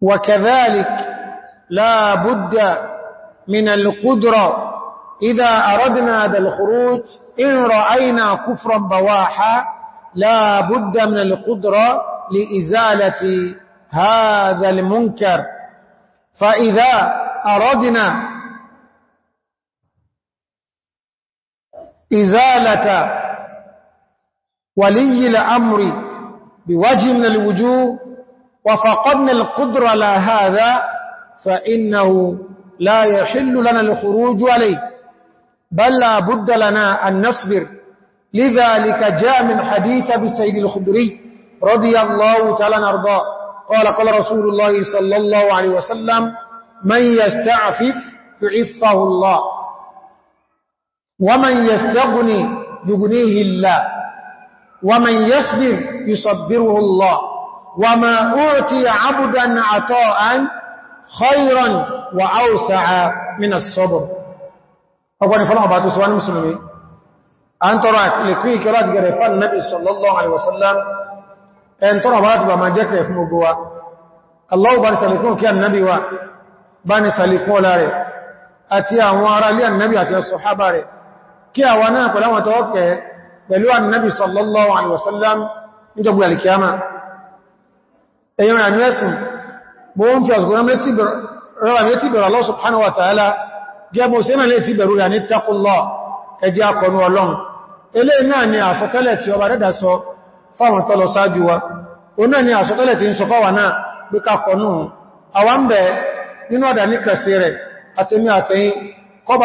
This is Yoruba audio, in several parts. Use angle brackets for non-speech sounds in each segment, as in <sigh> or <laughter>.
وكذلك لا بد من القدرة إذا أردنا هذا الخروج إن رأينا كفرا بواحا لا بد من القدرة لإزالة هذا المنكر فإذا أردنا إزالة ولي الأمر بوجه من الوجوه وفقدنا القدرة على هذا فإنه لا يحل لنا الخروج عليه بل لا بد لنا أن نصبر لذلك جاء من حديث بالسيد الخدري رضي الله تعالى نرضى قال قال رسول الله صلى الله عليه وسلم من يستعفف تعفه الله ومن يستغني يغنيه الله ومن يصبر يصبره الله وما أوتي عبدا عطاء خيرا وأوسع من الصبر أقول فلما بعد سواء المسلمين أن ترى لكي كرات قريفا النبي صلى الله عليه وسلم أن ترى بعد ما جاك في مبوا الله بان سالكون كي النبي و بان سالكون لاري أتي أموارا لي النبي أتي الصحابة ري كي أوانا قلما توقع بلو النبي صلى الله عليه وسلم يجب الكيامة ẹ̀yìn àmì ẹ̀sìn mo ń fi ọ̀sùn rọ́rà mẹ́ tí bẹ̀rọ Allah subhanahu wa ta'ala gẹ́gbọ́ sí mẹ́lẹ̀ tí bẹ̀rù yà ní taqullah ẹjẹ́ akọ̀nù ọlọ́run ilé náà ni àsọtẹ́lẹ̀ tí ọba dẹ́dà sọ fáwọn tọ́lọ sáájú wa o náà ni àsọtẹ́lẹ̀ tí ń sọ fáwà náà bí kakọ̀nù àwọn ń bẹ̀ nínú ọ̀dà ní kẹsì rẹ̀ àtẹmí àtẹyìn kọba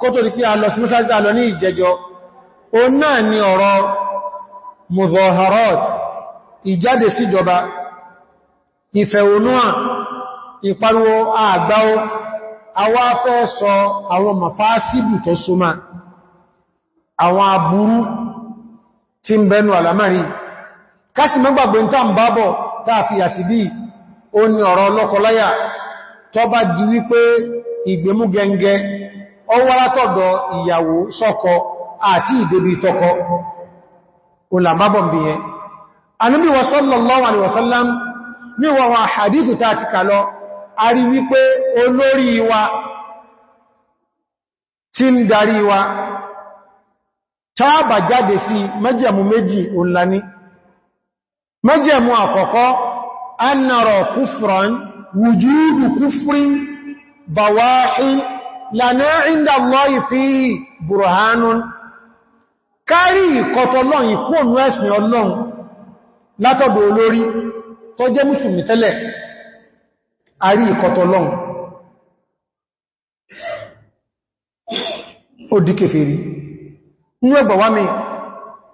kó tó di pé a lọ sí a lọ ní ìjẹjọ o náà ni ọ̀rọ̀ muzaharat ìjáde síjọba ìfẹ̀hónúhàn àgbáwó awá fẹ́ sọ àwọn mafásíbù tó súnmà àwọn aburú tí ń bẹnu kásì mẹ́gbàgbé ń tàn bábọ̀ tààfi àsìbí ọ̀rọ̀ ọlọ́kọláyà ọwọ́ látọ̀dọ̀ ìyàwó sọ́kọ àti ìdébí tọkọ olàmbábọ̀m̀bí yẹn Ànábì wa sallallahu alaihi wasallam ní wọ́wọ́ hadithu ta ti kàlọ a rí wípé olórí wa tí ń darí wa tábà jáde sí májẹ̀mú méjì olani májẹ̀mú àkọ́kọ́ annarọ̀ kúfran wujudu kúfrin bawahin lànà ìndà lọ́yì fi burhanu kárí ìkọtọ̀ lọ́n ikú ònú ẹ̀sìn ọlọ́run látọ̀dọ̀ olórí tó jẹ́ mùsùlùmí tẹ́lẹ̀ àrí ìkọtọ̀ lọ́n ó dí kèfèrí ní ẹgbọ̀wá mi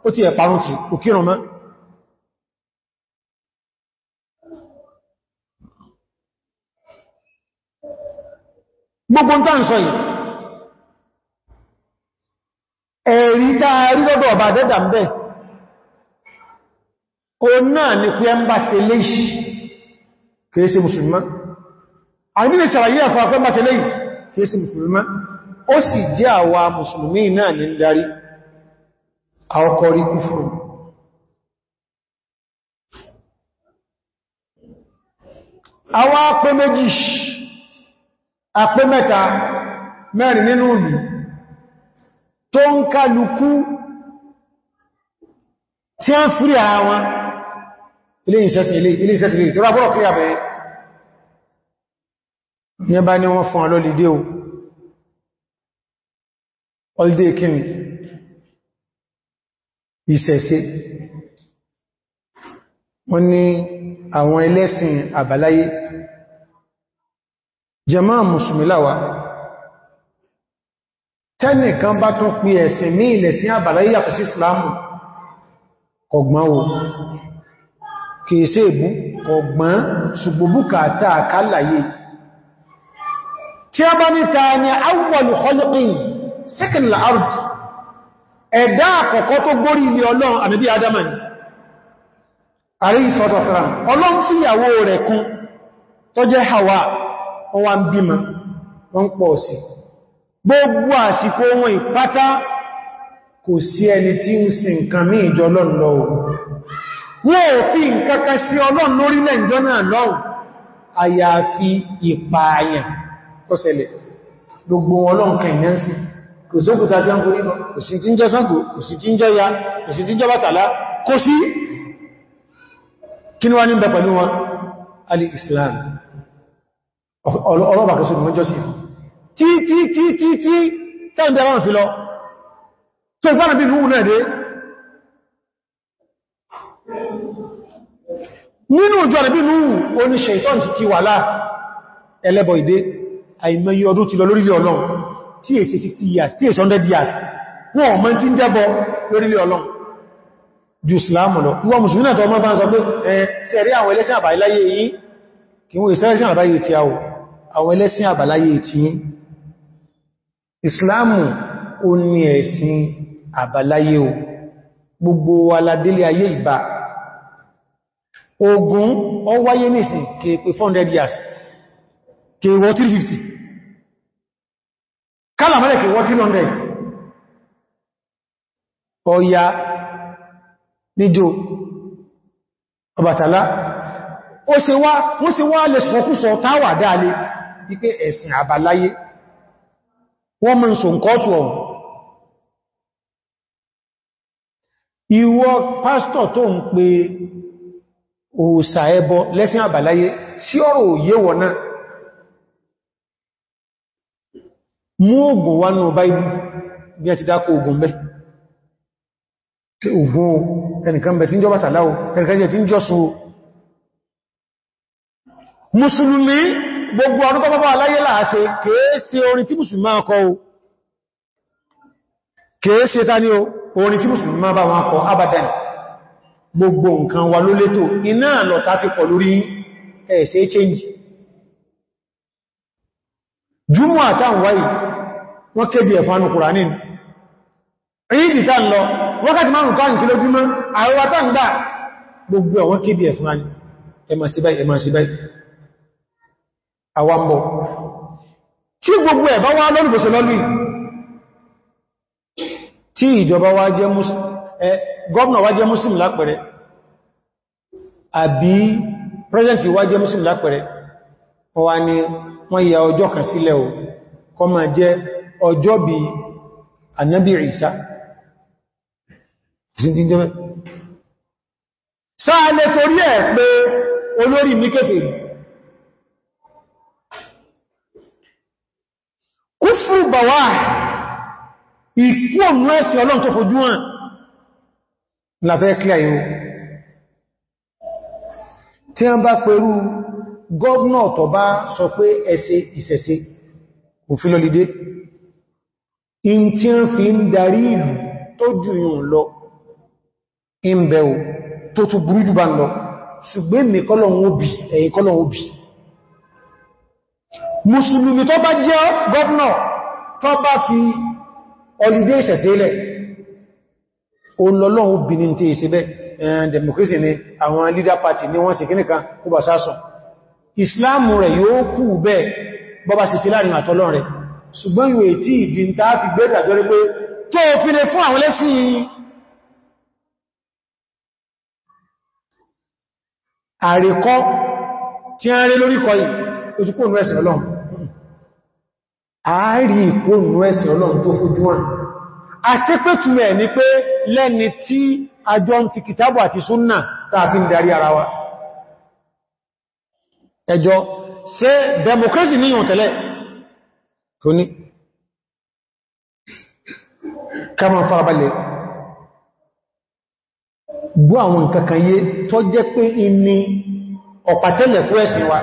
ó ti ẹ̀parun ti òkírùn mọ́ gbogbo tó ń sọ yìí ẹ̀rí tá a rí ọba dẹ́dà ń bẹ́ o náà ni pé ẹ ń bá ṣe léṣì kìí ṣe musulmá àrílẹ̀ ṣàlàyé àfà pé ń bá ṣe léṣì kìí musulmá ó sì jẹ́ àpé mẹ́ta mẹ́rin nínú ìlú tó ń kálukú tí a ń fúrí ara wọn ilé ìṣẹ́sìn ilé ìṣẹ́sìn ilé ìtọ́rọ àbúrò kíyà bẹ̀ẹ́ ní ẹbá ní wọ́n fún ọlọ́lìdé o ọlọ́dé kíni ìṣẹ̀ṣe wọ́n ní àwọn ẹlẹ́sìn àbáláyé jàmáà mùsùlùmí láwá tẹ́nìkan bá tún pí ẹ̀sìn ní ilẹ̀ sí àbàláyé yàtọ̀ sí islamu ọgbọ̀n o kìí sí ìbú ọgbọ̀n ṣùgbùbùkà táà kálàyé tí a bá níta ni awwalu khaliqin second la ard ẹ̀dá àkọ́kọ́ tó gbórí ilé ọlọ́run ànábì adama ni àrí ọlọ́run fíyàwó rẹ̀ kún tó jẹ́ hawa wọ́n wá ń bímọ wọ́n pọ̀ sí gbogbo àsìkò wọn ìpátá kò sí ẹni tí ń sin nǹkan mí ìjọ ọlọ́run lọ́wọ́ wọ́n ò fi nǹkankan sí ọlọ́run lórílẹ̀ ìjọ náà lọ́wọ́ àyàfi ìpààyàn tó ṣẹlẹ̀ gbogbo ọlọ́run kan ni wá ní bẹ Islam ọlọ́bà kẹsùn ní mẹ́jọ́sí tí tí tí tí tí tẹ́ǹdà ráwọn fi lọ tó ìgbàna bí ìrúwù náà dé nínú ìjọ rẹ̀ bí ìrúwù oníṣẹ́ ìtọ́n ti ti wà láà ẹlẹ́bọ̀ ìdé àìmẹ́yí ọdún ti lọ lórílẹ̀ Ọlọ́run tí èsì 50 years tí èsì 100 years wọn ọmọ tí ń jẹ́bọ lórílẹ̀ Ọlọ́run ju Islam lọ wọ́n mùsùlùmí náà tọ́ ọmọ bá ń sọ pé ẹ̀ sí ẹ̀rí àwọn ẹlẹ́sìn àbáyé láyé yìí kí wọ́n ìsẹ́rẹ́sìn àbáyé tí a wò àwọn ẹlẹ́sìn àbáláyé tí ìsìláàmù ó ní ẹ̀sìn àbáláyé o gbogbo aládélé ayé ìbá ogun ó wáyé nìsìn kéèpé 400 years kéèwọ́ 350 kálàmọ́lẹ̀ kéèwọ́ 300 ọya níjò ọbàtálá ó ṣe wá lè sọkúsọ táwà dáa ipé ẹ̀sìn àbáláyé wọ́n mọ́ sọ ǹkọ́tù ọ̀run ìwọ pásítọ̀ tó ń pe òòsà ẹbọ lẹ́sìn àbáláyé sí ọ̀rọ̀ òye wọ̀ náà mú ogun wá nù báibú bí a ti dákò ogun bẹ́ ogun ẹnìkan bẹ̀ tí ń jọ bàtàláwò ẹnìkan jẹ́ tí ń jọ sọ mùsùlùmí gbogbo ọdún tọ́pọ̀pọ̀ aláyé láàáṣe kèése orin tí mùsùlùmí máa kọ o kèése ta ní orin tí mùsùlùmí máa bá wọn kọ abadan gbogbo nǹkan wa ló létò iná àlọ́ta fi pọ̀ lórí ẹ̀ẹ́sẹ̀ change jùmọ́ àtàwáyì wọ́n kébi ẹ̀fánù kùránì ìdí tá ń lọ wákàtí márùn tán àwàmọ̀ tí gbogbo ẹ̀bá wá lọ́lùbọ̀sẹ̀ lọ́lù tí ìjọba wá jẹ́ gọ́ọ̀nà wá jẹ́ muslim lápẹẹrẹ àbí president wá jẹ́ muslim lápẹẹrẹ wọ́n ni wọ́n yà ọjọ́ kan sílẹ̀ o kó máa olórí mi kéfèé bàwà ìkú òmú ẹ̀sìn ọlọ́run tó fojú hàn láfẹ́ kílẹ̀ yóò tí a ń bá pẹ̀lú gọ́ọ̀nà tó bá sọ pé ẹsẹ ìsẹsẹ òfin lọlidé in tí a fi ń darí ìlú tó jù yùn lọ ìmbẹ̀wò tó tún burú jù bá ń lọ ṣùgbọ́n mi kọ́lọ̀un obì ẹ̀yìn kọ́lọ̀un tó bá fi ọlìdé ìṣẹ̀sílẹ̀ olọ́lọ́wọ́ obìnrin tí ìṣẹ́bẹ̀ democracy ni àwọn leader party ni wọ́n sì kí nìkan kó bà sásọ Islam rẹ̀ yóò kú bẹ́ẹ̀ bọ́bá sì sí láàrin àtọ́lọ́ rẹ̀ ṣùgbọ́n yóò ètí ìdí ta fi gbẹ́gbà jọrí pé tó fi fún àwọn lẹ́sìn àríkọ́ tí a rí lórí kọ́ yìí ojúkó nù ẹ̀sìn Ọlọ́run àárí ìkóònú ẹ̀sìn ọlọ́run tó fojú wọn. a ṣe pé túnmẹ̀ ní pé lẹ́ni tí àjọ ń fi kìtàbù àti súnnà tàà fi ń darí ara wa ẹjọ́ ṣe democracy ní ìyàn tẹ́lẹ̀ tó ní kama farabalẹ̀ gbọ́ àwọn nǹkankan yé tó jẹ́ pé in ọ̀pàtẹ́lẹ̀kú ẹ̀sìn wa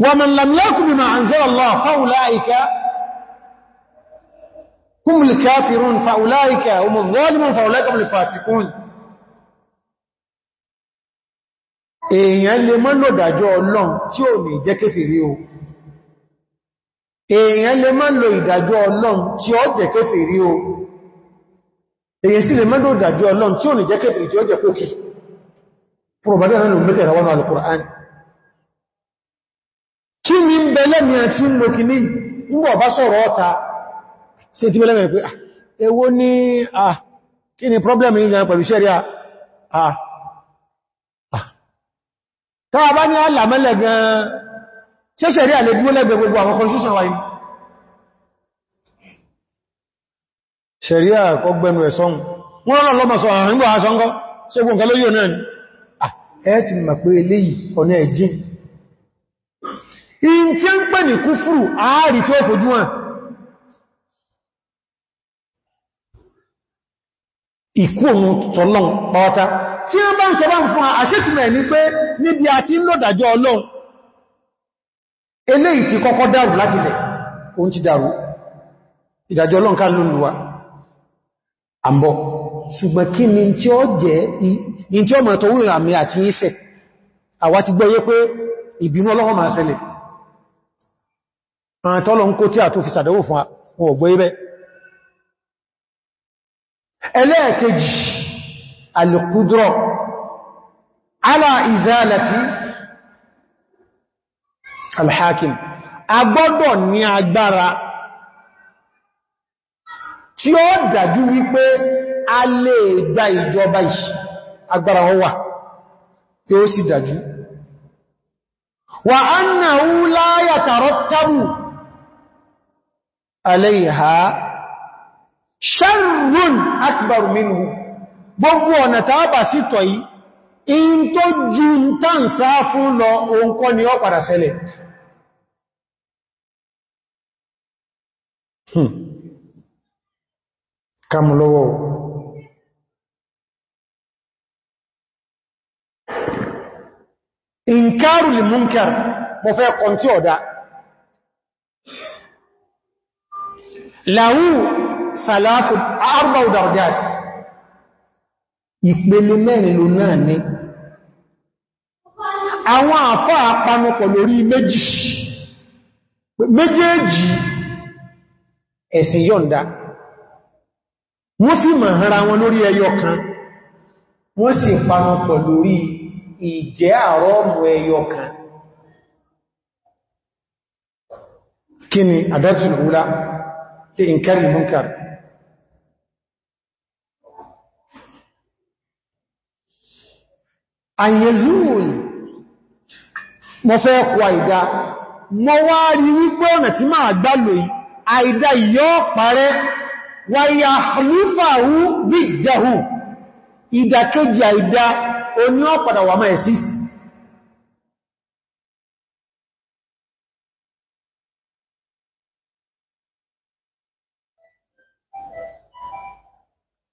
ومن لم يكن بما أنزل الله فأولئك هم الكافرون فأولئك هم الظالمون فأولئك هم الفاسقون èèyàn lè mọ́ lò dájọ́ ọlọ́run tí ò ní jẹ́ kéfèrí o èèyàn lè mọ́ lò ìdájọ́ ọlọ́run tí ó jẹ́ kéfèrí o èèyàn sì lè mọ́ lò dájọ́ ọlọ́run tí ò ní jẹ́ kéfèrí tí ó jẹ́ kókì fún ọ̀bádẹ́ rẹ̀ lò mẹ́tẹ̀ẹ̀rẹ̀ wọnú al kí ni ń bẹ lẹ́mí àti ń lò kì ní ìwọ̀ bá sọ̀rọ̀ ọ̀ta sí ti mẹ́lẹ́mẹ̀ pé ah, èwo ni à ah, kí ni problem ní ìyàn pẹ̀lú à ah, bá ní alàmẹ́lẹ̀ gan ṣe lè gbogbo àwọn constitution wa in tí mpe n'iku ní kúfùrù ààrì tí ó fojú wọn ìkú òun tọ́lọ́n pọ́ta tí wọ́n bá ń sọ bá ń pé níbi àti ń ti kọ́kọ́ dàrú láti lẹ̀ oún ti dàrú ìdàjọ́ ọlọ́run ká lónìí wa ṣùgbọ́n kí ni tí ó jẹ́ àti ti gbọ́yé pé ìbínú ọlọ́run máa àtọ́lọ ń kó tí à tó fi sàdẹ̀wò fún ọgbọ̀ ibẹ̀ ala ìzálàtí alhakim agbọ́dọ̀ ní agbára tí ó daju wípé a lè gba ìjọba agbara agbára wọn wà tí ó sì dájú wa annahu la aléìhá ṣarrun akbar minhu gbogbo ọ̀nà tàbà sí tọ̀ yìí in tó ju ń tàn sáà fún lọ ohun ni ó padà ṣẹlẹ̀ hmm. kàmù lọ́wọ́ inkarul munkar mo fẹ́ kọ̀ntí ọ̀dá له ثلاث أربع درجات ìpele mẹ́rin ló náà ní àwọn àfá àpanupọ̀ lórí méjì méjèèjì ẹ̀sìn yọ̀nda wọ́n sì mọ̀ ara wọn lórí ẹyọ kan wọ́n sì panupọ̀ lórí ìjẹ́ àrọ́mù ẹyọ kan kí ni àdájúlúwúlá في إنكار المنكر àyẹ̀zúrùn mo fẹ́ kọ àìdá mo wá rí wípé ọ̀nà tí máa gbá lòí àìdá yóò parẹ́ wáyà lúfàáwú bí ìdáhù ìdàkejì àìdá oní ọ̀padà wà máa exist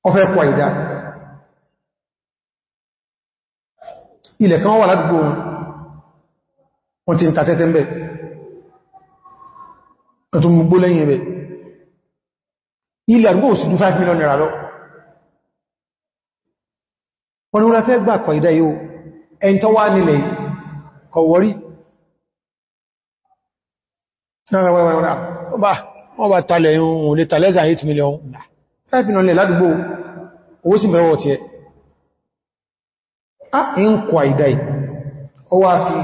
ọfẹ́ kọ ìdá ilẹ̀ kan wà ládùgbò wọn wọ́n ti ń ta tẹ́tẹ́ mẹ́ ẹ̀tún gbogbo lẹ́yìn ẹ̀bẹ̀ ilẹ̀ àdúgbò sí ju 5 million naira lọ wọ́n ni wọ́n fẹ́ gbà kọ ìdá yóò ẹni tó wá nílẹ̀ kọ wọ́rí wọ́n bá talẹ̀ ohun olè talẹ́zà 8 million naira káìpínà lè ládùgbò owó sí mẹ́wọ́ ti ẹ a ń kọ àìdáì ọwá fi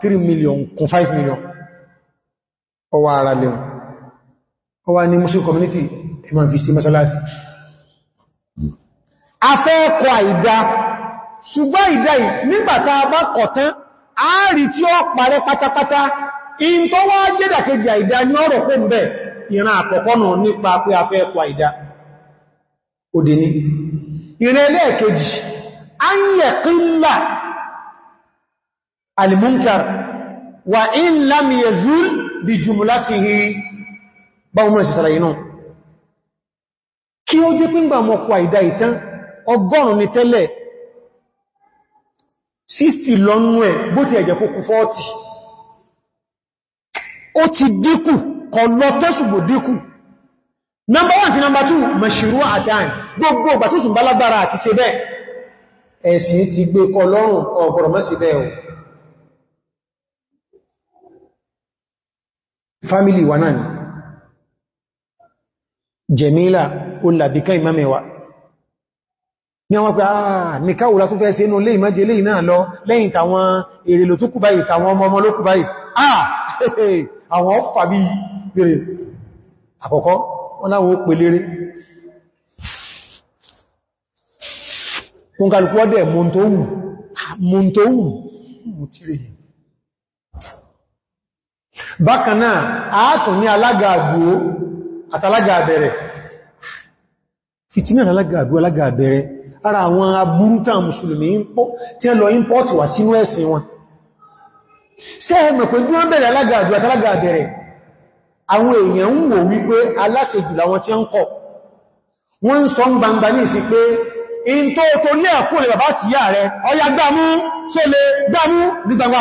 3 million kún 5 million ọwá ara ọwá ní muslim community ẹmà fi sí mẹ́sàlásì a fẹ́ kọ àìdá ṣùgbọ́n àìdáì nígbàtà bá kọ̀tán ààrì tí ó parẹ́ pátápátá in jẹ́dàkejì àìdá ní ọ̀rọ̀ pé ìran àkọ́kọ́ náà òdè ní ìrìn ẹlẹ́ẹ̀kejì an yẹ kílá alimunkar wa in lam yazul bí jùmùláfihì bá wọn mẹ́sì sàrẹ̀ inú kí ó jẹ́ pín gbà mọ́kù àìdá ìtàn ọgọ́rùn ní tẹ́lẹ̀ 60 lọ́nú ẹ̀ bó ti ẹ̀jẹ̀ kókù 40 ó ti díkù kọ̀lọ́ tó number one sí number two mẹ́ṣìrú àtàn gbogbo ọgbà tó sùn bá lágbára àti ṣe bẹ́ẹ̀ ẹ̀sìn ti gbé kọ lọ́rùn ọ̀gbọ̀rọ̀ mẹ́sì bẹ́ẹ̀ o family wa náà ni Jẹ̀mílà olàbíkán ìmámẹ́wàá ní àwọn pé àà nìkáwòrá tó fẹ́ sí inú lè ìmájẹ lè náà lọ lẹ́yìn tàwọn èrè lò tó kú báyìí tàwọn ọmọ ọmọ ló kú àà ah, <laughs> àwọn ọ̀fà bí bèèrè àkọ́kọ́ wọ́n láwọn ó pè léré kún kàlùkú ọdẹ̀ mọ̀ntóhùn bákan náà àátùn ní alága àgbò àtàlága àbẹ̀rẹ̀ fìtínà alága àgbò alága àbẹ̀rẹ̀ ara àwọn abúrútà tí ẹ lọ sínú ẹ̀sìn wọn ṣé ẹ wọ́n bẹ̀rẹ̀ àwọn èèyàn ń wò wípé aláṣejù làwọn tí ń kọ̀ wọ́n ń sọ gbangba ní ìsí pé in tó tó ní ẹ̀kú lè bàbá ti yà rẹ ọya gbámú ṣe lè gbámú ní gbangba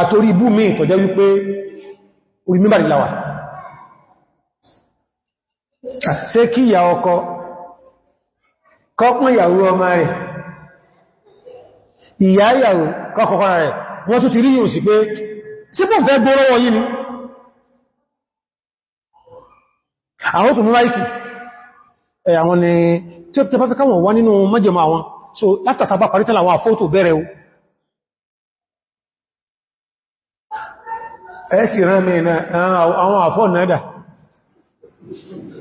àtorí ibú mi ìtọ̀jẹ́ wípé orí mímbàrí láwà ṣe kí ìyà ọkọ kọ́pùn ìyàwó ọmọ rẹ̀ ìyá ìyàwó kọ́kọ̀kọ́ rẹ̀ wọ́n tún ti rí yìí sí pé sí kò fẹ́ gbọ́rọ̀ wọ́n ni àwọn tó mú láìkì ẹ̀ àwọn ni tí ó tẹfẹ́ káwọn wá nínú àwọn so láti àtàbà parítẹ́lá àwọn àfótò bẹ̀rẹ̀ o ẹ̀ sì rán mi àwọn àfọ́ náà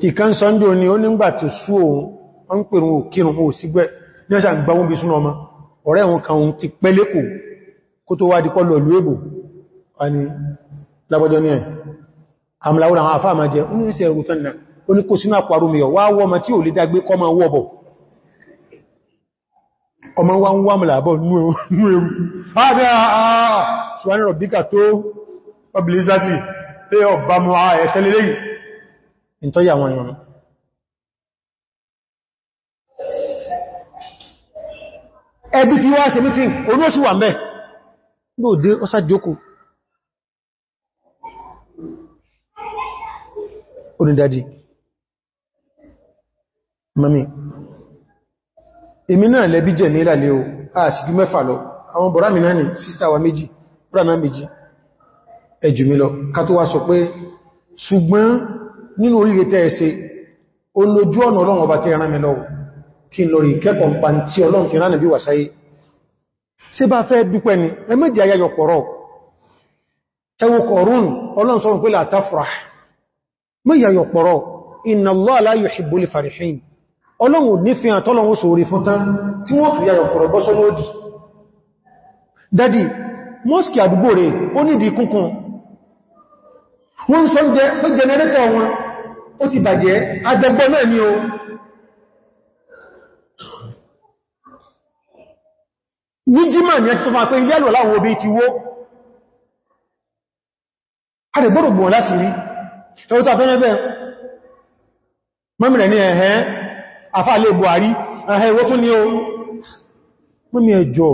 ìkan sọ́ndọ̀ ni ó nígbà tó sú òun wọ́n ń pèrún òkírùn ó sígbẹ́ ọ̀rẹ́ òun kan ti pẹ́lẹ́kò kó tó wá dípọ́ lọ a ni lábọ́jọ́ ní ẹ̀ àmìláwọ́n àwọn àfáà máa jẹ onírísẹ̀ ẹ̀rù tánà oníkó sínú àpàrú mi wá wọ́ ọmọ tí ò lè dágbé kọ́ máa wọ́bọ̀ ọmọ wá ń wá mìlàbọ̀ nú ẹrù ṣùgbọ́n rọ̀bíkà tó ọbìlìsáti pé ọba mọ́ ẹ̀ẹ́sẹ́ lélẹ́yìn ìntọ́yà wọn ìrọ̀nà ẹbí tí wá ṣe mítí orí ó sì wà mẹ́ lóòdé ó sá jókòó onídádì mami èmi náà lẹ́bí jẹ̀ ní ìlàlẹ́ o àṣìjú mẹ́fà lọ àwọn bọ̀rá mi náà ni sísta wa méjì brana méjì ẹjù mi lọ ká tó wá sọ pé ṣùgbọ́n nínú oríire tẹ́ẹ̀ṣe o lójú ọ̀nà ọlọ́run ọba tẹ́ rán mi lọ kí n lọ rí kẹ́kọ̀ọ́ pa tí ọlọ́run fi mọ́ yàyọ̀ pọ̀rọ̀ inna Allaha la yuhibbul farihin ọlọ́run ní fi hàn tọ́lọ́run sórí fún tán tí wọ́n fi yàyọ̀ pọ̀rọ̀ bọ́sọ́ lóòdì dadi mọ́sìkì àdúgbò rẹ̀ ó nídi kúnkún wọ́n sọ pé jẹnẹrétọ̀ wọn ó ti bàjẹ́ adẹgbọ́ náà ni ní jímọ̀ ní láti rí ẹwọ́ tó àfẹ́rẹ́ bẹ́ẹ̀ mọ́mìnrẹ̀ ní ẹ̀hẹ́ àfáàlẹ́ buhari ẹ̀hẹ́ ìwọ́ tún ní o mọ́mí ẹjọ́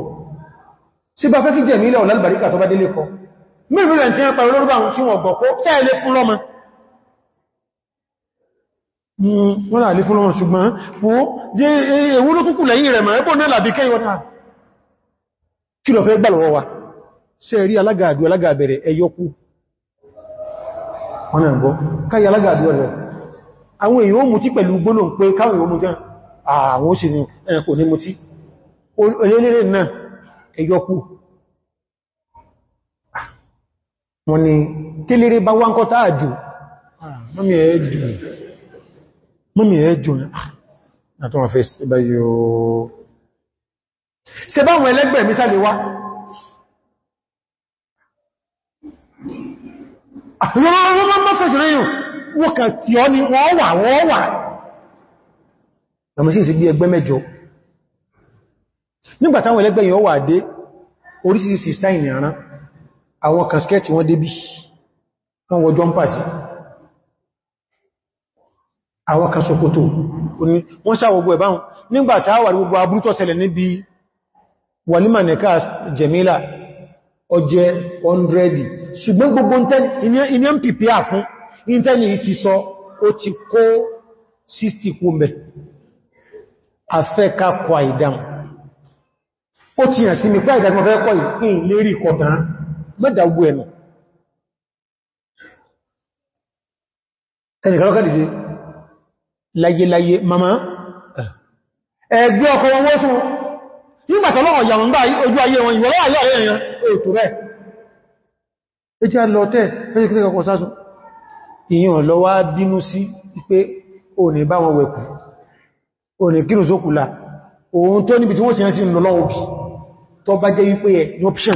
sí bá fẹ́ kí jẹ́ mílẹ̀ ọ̀lálùbàríkà tó bá délé kọ mẹ́rìnrẹ̀ tí wọ́n pẹ̀lú olórúbà tí wọ́n gbọ̀kọ́ sẹ́ẹ̀lẹ́ fún lọ́mọ wọ́n náà lè fún lọ́mọ hmm, rẹ̀ mọ̀ ẹ́bọ̀n náà wa sẹ́ẹ̀rí alága àdú alága àbẹ̀rẹ̀ ẹyọkú àwọn náà gbọ́ káyà alágàbí ọ̀rẹ́ àwọn èèyàn ó mutí pẹ̀lú gbónà pé káwọn èèyàn mutí àwọn ó sì ní ẹ̀kò ní mutí olélèrè náà ẹyọkú wọn ni télèrè bá wá ń kọta ah, àjò mọ́mí ẹ̀ẹ́jù àtọ́wọ̀n fẹ́ báyìí ṣe báwọn ẹlẹ́gbẹ̀ẹ́ mi sáré wá àpìyàn ah, fẹ́sì rẹ̀ yùn wọ́n kà tí ọ ni wọ́n wà wọ́n wà àmì sí ìsìgbí ẹgbẹ́ mẹ́jọ nígbàtàwọn ẹlẹ́gbẹ́ yìí wà dé orísìírísìí stein ní àrán àwọn kaskẹ́tì wọ́n débí wọ́n wọ jọmpàsì àwọn kasokoto wọ́n sáwọ̀gbọ́ ẹ̀báhùn nígbàtàwà gbogbo abúrútọ́sẹlẹ̀ níbi wàlímà nẹ́ká jẹ̀mílà ọjẹ́ 100 ṣùgbọ́n gbogbo ìní ń pìpì àfún ìntẹ́ni ìti sọ ó ti kó 60 kú mẹ́ afẹ́ka kọ àìdáhùn ó ti yàn sí mi pẹ́ ìdájúmọ̀ fẹ́ kọ́ ìpín lérí kọ̀dán mẹ́dàgbò ẹ̀nà ẹnìkanlọ́kà dìde láyéláyé nígbàtọ̀lọ́wọ̀ yàmùnbá ojú ayé wọn ìwọ̀lọ́ ayé ayé ẹ̀yàn ètò rẹ̀ ẹjẹ́ lọ́tẹ́ ẹjẹ́ kìtẹ́ kọkọ sásùn ìyàn lọ́wọ́ bínú sí pé o ní bá wọn wẹ̀kù o ní kírù sókùlá ohun tó níbi tí wọ́n sì ń lọ́wọ́ bí tó bá jẹ́ wípé ẹ̀ ní option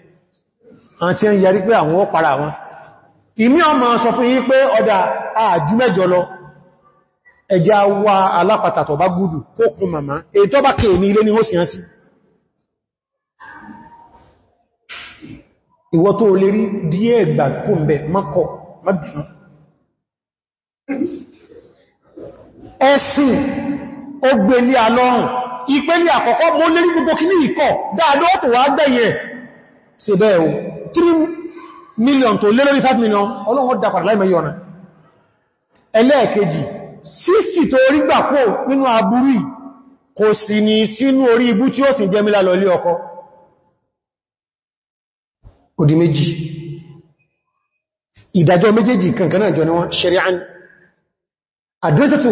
àti ẹn yàrí pé àwọn ọpàá wọn ìmí ọmọ sọ fún yí pé ọdá ààjú mẹ́jọ lọ ẹjá wá alápàtà tọ̀bá gúdù kó kún màmá èyí tó bá kèrò ní ilé ní ó sì ánsí ìwọ tó lè rí díẹ̀ ìgbà kó ń bẹ mọ́kọ̀ mọ́bìnú ẹ̀sìn ó gbé ní alọ́rùn 3 million tó lé lórí 5 million ọlọ́wọ́ dápàdà láì mẹ́yọ ọ̀nà ẹlẹ́ẹ̀kejì 60 tó rí gbà kó nínú àbúrú kò sì ní sínú orí ibú tí ó sì jẹ́mílá lọ lé ọkọ òdí méjì ìdájọ́ méjèèjì kankaná jọ ni wọ́n ṣeríán àdúrótẹ́tù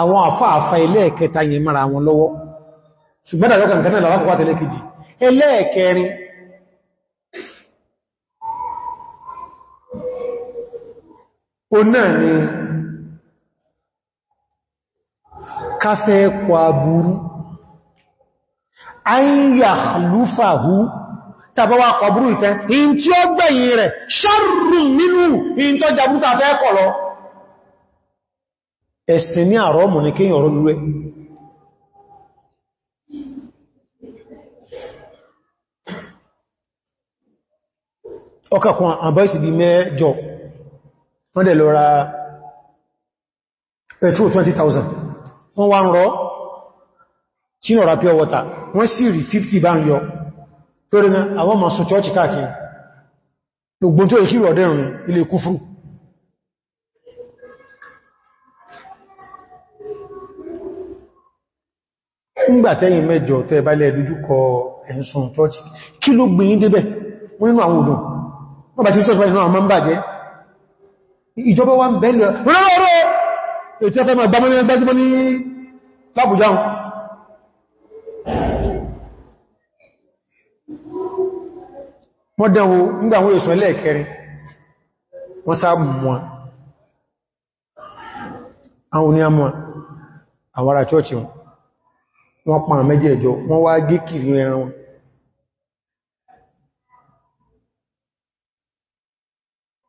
àwọn àfáàfà ẹlẹ́ẹ̀kẹta yìí mara wọn lọ́wọ́ ṣùgbọ́n àjọ́kà nǹkan náà lápapọ̀ tẹ́lẹ́kejì ẹlẹ́ẹ̀kẹrin o náà ni káfẹ́ kwa burú ayyà hú tàbáwà kwa burú ìtẹ́ in tí ó gbẹ̀yìn rẹ̀ nínú in tó fẹ́ kọ̀lọ́ ẹ̀sìn ní àrọ́mù ní kíyàn ọ̀rọ̀ lúwẹ́ ọkàkùn àbáìsì bí mẹ́jọ wọ́n dẹ̀ lọ ra petrol 20,000 wọ́n wá ń rọ́ tí ó ra pure water wọ́n sì rí 50 bá ń yọ pẹ́rẹ́ náà àwọn ma sọ chọ́ọ̀chì káàkiri gbogbo tó ìkírò ọ̀dẹ́rùn ilé kúfrú ńgbàtẹ́yìn mẹ́jọ tẹ́ balẹ̀ lójúkọ ẹ̀sùn church kí ló gbé débẹ̀ wọ́n àwọn òdùn wọ́n bá ti church báyìí máa ń bàjẹ́ ìjọba wá ń bẹ́ẹ̀lẹ̀ rọ́rọ̀ ní àwọn ará wọn wọ́n pa àmẹ́jẹ̀ ẹjọ́ wọ́n wá gé kìrì ẹran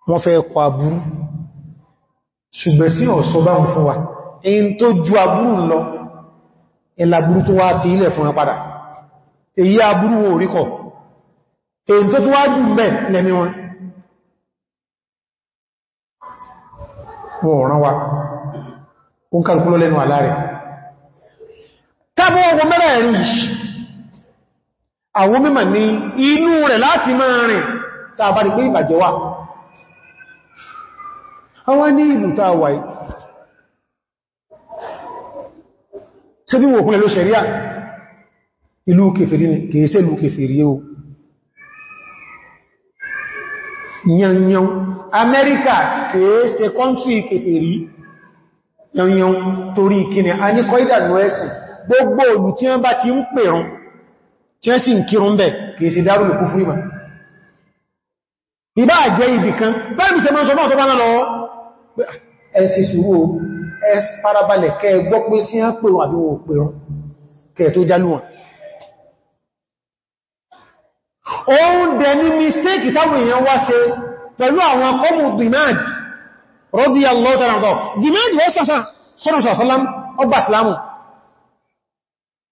wọ́n fẹ́ kọ àbúrú ṣùgbẹ́ sí ọ̀sọ́ bá ń fún wa in tó ju àbúrú lọ ìlàbúrú tó wá fi ilẹ̀ fún apadà èyí àbúrú wọn oríkọ̀ èyí tó tó wá jù mẹ́ lẹ́mí wọn wọ́n rán wa ó ń kàrùkú lọ lẹ́nu àlá rẹ̀ kábọ́ ogun mẹ́rẹ̀ rí àwọn mímọ̀ ní inú rẹ̀ láti máa rìn tàà bá rí pé ìbàjẹ́ wà àwọn ní ìlú tàà wà yìí ṣe bí wòkúnlẹ̀ ló ṣẹ̀ríà ìlú kèfèrí ni kìí ṣe ìlú kèfèrí o yanyan Amẹ́ríkà kìí kọ́ntù kèfèrí yanyan torí ìkíni a ní kọ́ ìdànú ẹ̀sìn gbogbo olù tí wọ́n bá ti ń pèrún tí wọ́n sì ń kírun bẹ̀ kìí sí dárùn lùkú fún ìmọ̀ ìbá jẹ́ ibì kan báyìí se mọ́sọ náà tó bá lọ́wọ́ ah, ẹ̀sì sùúrù ẹ farabalẹ̀ kẹ́ gbọ́ pé sí ń pèrún àbí wọn pèrún kẹ́ tó jálù wọn òun dẹ̀ ní mistake táwọn èèyàn wá ṣe pẹ̀lú àwọn kọmù demand radiyallahu ta'ala demand wọ́n sọ́sọ́ sọ́nà sọ́sọ́lám ọgbà islamu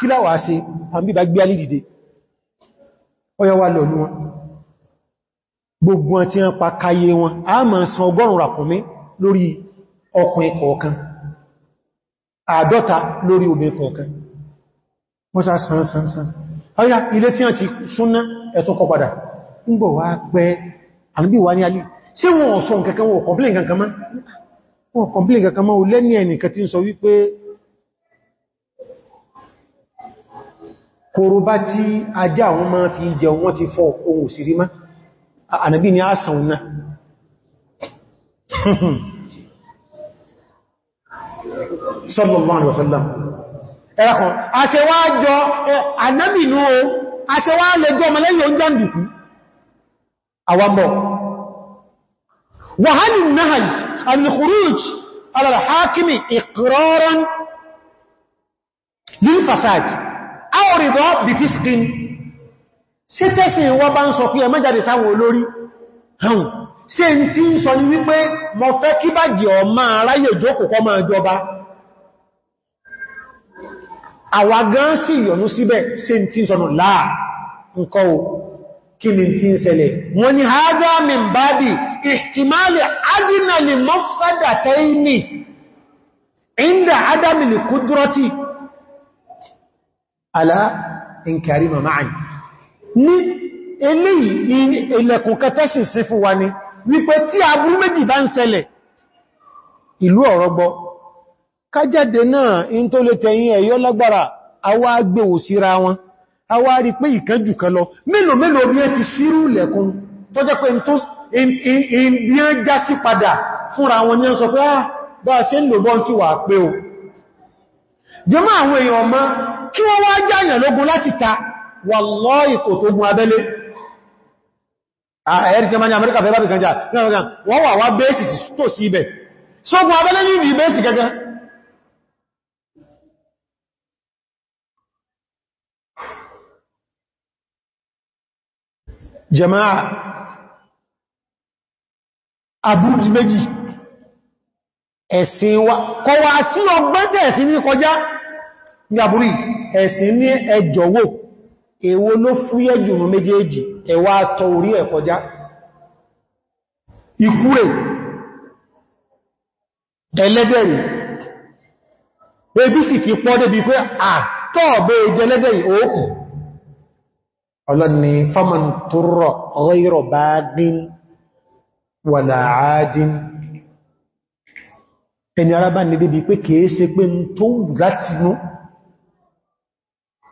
kí láwà á ṣe àmì bá gbé alìdìde ọyọ wà lọ ní wọn gbogbo wọn tí wọ́n pa káyé wọn a máa san ọgọ́rùn ràkúnmí lórí ọkùnrin kọ̀ọ̀kan àádọ́ta lórí obìnrin kọ̀ọ̀kan wọ́n sá san san san ọyá ilé tí wọ́n ti súnná ẹ̀tún kọ padà ń bọ̀ wá pẹ́ àmì wà ní alì ṣé wọn ọ̀sọ̀ nǹkankan wọn kọ̀m̀plé kòròbá tí ajá àwọn máa fi jẹ wọ́n ti fọ́ ohun òsìrí má ànàbí ni a sàn náà <laughs> sallallahu alaihi wasallam ẹ̀kùn aṣẹwàájọ ànàbí ní o aṣẹwàálẹ́jọ́ ọmọlẹ́yìn oúnjẹ́ ǹdùkú àwambọ̀ wàhálì náà al-khuruj ala ọ̀rìdọ́ bí fiskin sí tẹ́sì wọ́n bá ń sọ pé ẹmẹ́jáde sáwọn olórí hàn sí ẹni tí ń sọ ní wípé mo fẹ́ kí bá jẹ ọmọ aráyè jókòó máa jọba àwa gan sì yọ̀nú síbẹ̀ sí ẹni tí ń sọnù láà ǹkọ́ o kí ni tí ń ṣẹlẹ̀ wọ́n ni hadha min alá inkari mama'in ní eléyìí ilẹ̀kùn kẹtẹ́sì sí fún wa ni wípé tí aburú méjì bá ń ṣẹlẹ̀ ìlú ọ̀rọ̀gbọ́ kájáde náà in tó lè tẹ̀yìn ẹ̀yọ́ lágbára awá gbèwò síra wọn awá rí pé ìkánjù kan lọ mélòó mélòó bí ẹ ti sírú lẹ̀kùn tó jẹ́ pé ìbí jẹmọ́ àwọn èèyàn ọmọ kí wọ́n wá jáyàn lógún láti ta wallahi kò tó gun abẹ́lé ẹ̀rí jẹmọ́ ní Amẹ́ríkà fẹ́ bábì kanjá wọ́n wà wá bẹ́ẹ̀sì tó sí ibẹ̀ sógun abẹ́lé ní ibi bẹ́ẹ̀sì gẹ́gẹ́ ẹ̀sìn ní àbúrí ẹ̀sìn ní ẹjọ̀wó èwo ló fúyẹ́ jùnú méjèèjì ẹwà tọ orí ẹ̀ kọjá ikú rẹ̀ ẹlẹ́dẹ̀rẹ̀ ebi sì ti pọ́ débi pé àtọ́ọ̀bẹ̀ ẹjẹ́lẹ́dẹ̀rẹ̀ òókù ọlọ́ni faman turra ghayra bagin wala adin ẹni ní débi pé kèése pé ń tó látinú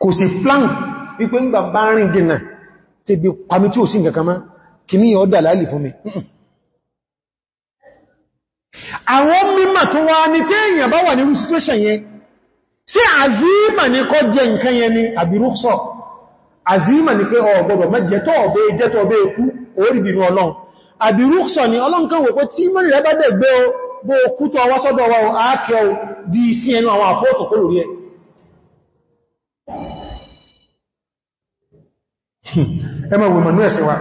kò sí plan wípé ń gbà bá rìn dìnà tí bí pàmí tí ò sí nǹkan máa kì ní ọdá láìlì fún mi àwọn mímọ̀ tó wá ní tí èyàn bá wà ní situation yẹn sí àzíìmà ní kọ́ jẹ nǹkan yẹn ni àbí rúksọ àzíìmà ní pé ọgbọ̀dọ̀ mẹ́jẹ tó ọ̀bẹ́ jẹ́ ọ̀bẹ́ ikú orí bínú ọlọ́run àbí rúksọ ni ọlọ́run kan wò pé tí mọ́rin rẹ̀ bá dẹ̀ gbé o bó kú tó ọwọ́sọ́dọ̀ Hmm. ẹmọ ìwọ̀n mọ̀nú ẹ̀sẹ̀ wa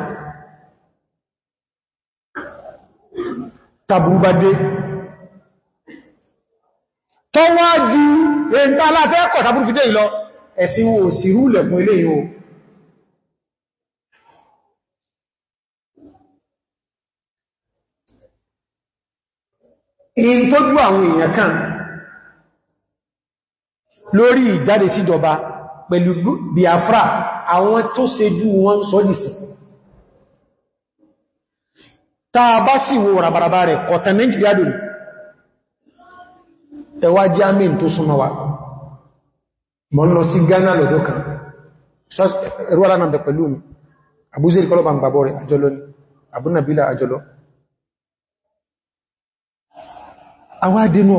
tàbùrú bá dé tó wá ju èntà aláfẹ́ ẹ̀kọ́ tàbùrú fìdé ìlọ ẹ̀sìn wo sì rúlẹ̀ fún ilé ìhò in tó jú àwọn èèyàn kan lórí ìjáde síjọba pẹ̀lú Biafra àwọn tó sejú wọn sọ́dìsì taa bá sì wo ràbàràbà rẹ̀ ọ̀tẹ̀ nàìjíríà dùn ẹwà jẹ́ amín tó súnmọ́ wa mọ́ lọ sí Ghana lọ́dọ́ kan ẹ̀rọ́lá náà pẹ̀lú mi àbúzẹ̀ ìkọlọ́bà ń gbàbọ̀ rẹ̀ àjọlọ ni àbúnàbílà àjọlọ àwọn adínú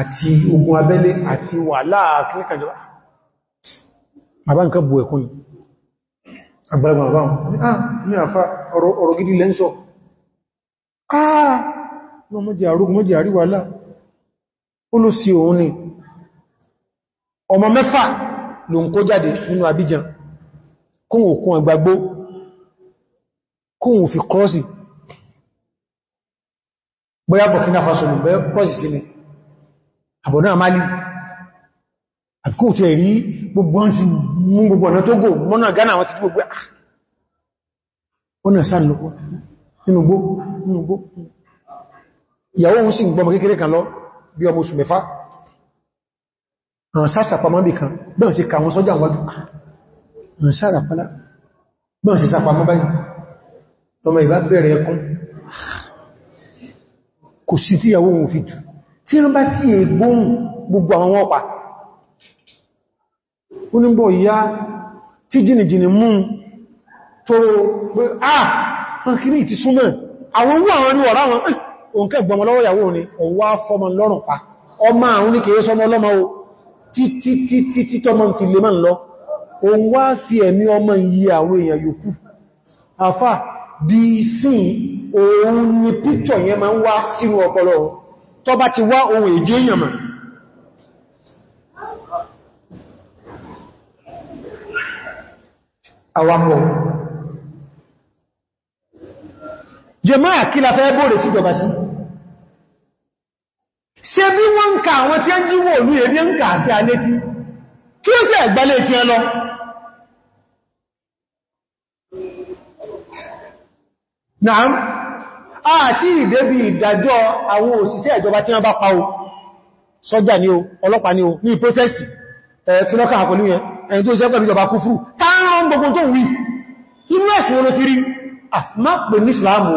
àti ogun abẹ́lé àti wà láàkín kàjọba bàbá nǹkan bù ẹ̀kún ni àgbàlagbà bàbá wọn ní ah, àfá ọ̀rọ̀ gidi lẹ́ńsọ̀ ah, àà wọ́n mọ́jì àrógún mọ́jì àríwà láà ó ló sí òun ni ọmọ mẹ́fà ló ń kó jáde nínú Abidjan kún òkun àgbàgbó àbọ̀dá málì àkó tí ẹ̀rí gbogbo ọ̀n ti mú gbogbo ọ̀nà tó gò mọ́nà gánà àwọn ti gbogbo ah! ọ̀nà sánlọ́pọ̀ nínú gbó nínú gbó ìyàwó òun sì ń gbọmọ kékeré kan lọ bí ọmọ oṣù mẹ́fà àwọn sásàpamọ́ ah! ah! sí ka wọn òun fi jù tí wọ́n bá sí ègbóhùn gbogbo àwọn ọpa ó ní bọ̀ ìyá tí jìnìjìnì mú tó pé ah kìí ti súnmọ̀ àwọn owó àwọn orí ọ̀rá wọn òǹkẹ́ gbọmọ pa ọmọ àwọn ní kìí sọmọ lọ́mọ o títí tọ́mọ fi lè mọ́ lọ òun wá fi ẹ̀mí ọmọ yí àwọn èèyàn yòókù àfà di sí òun ni píkọ̀ yẹn máa ń wá sínú ọpọlọ òun tó bá ti wá ohun èdè èèyàn mọ̀ àwàmọ̀ jẹmọ́ àkílà fẹ́ bóòrè sí ìjọba sí ṣe bí wọ́n ń ka àwọn tí a ń jíwò olú èrí ń kà sí alétí kí ó tẹ́ ẹ̀gbálẹ̀ tí ẹ àti ìdébí ìdájọ́ àwọn òṣìṣẹ́ ìjọba tí wọ́n bá pa o sọ́jà ni o ọlọ́pàá ni o ní ìpótẹ́sì ẹ̀ẹ́tùlọ́kà àpọ̀lú yẹn ẹni tó ṣẹ́pẹ̀ ìjọba kú fúrú táàrán gbogbo tó wí inú ẹ̀sùn wọn ti rí àmá pè ní ìsìláàmù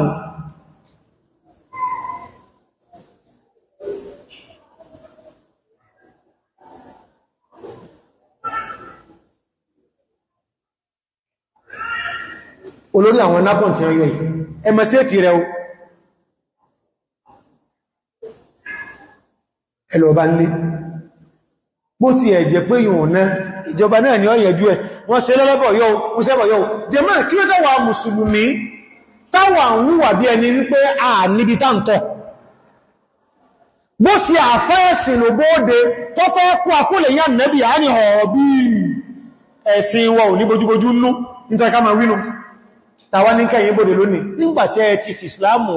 olórí àwọn nápọ̀ tí wọ́n yọ ẹ̀ mẹ́sẹ̀tì rẹ̀ o ẹlọ́ọ̀bá ń lé bó ti ẹ̀jẹ̀ pé yìí ọ̀nà ìjọba náà ni ó yẹjú ẹ̀ wọ́n ṣe lọ́lọ́bọ̀ yóò wọ́n ṣẹ́bọ̀ yóò jẹmọ́ kí ó dáwà mùsùlùmí táwà ń wùwà bí ẹni wípé a níbi táǹtọ̀ bó ti àfẹ́ẹ̀sìn ló bóóde tó fẹ́ kú akólè yá nẹ́bì ti fi ìsìláàmù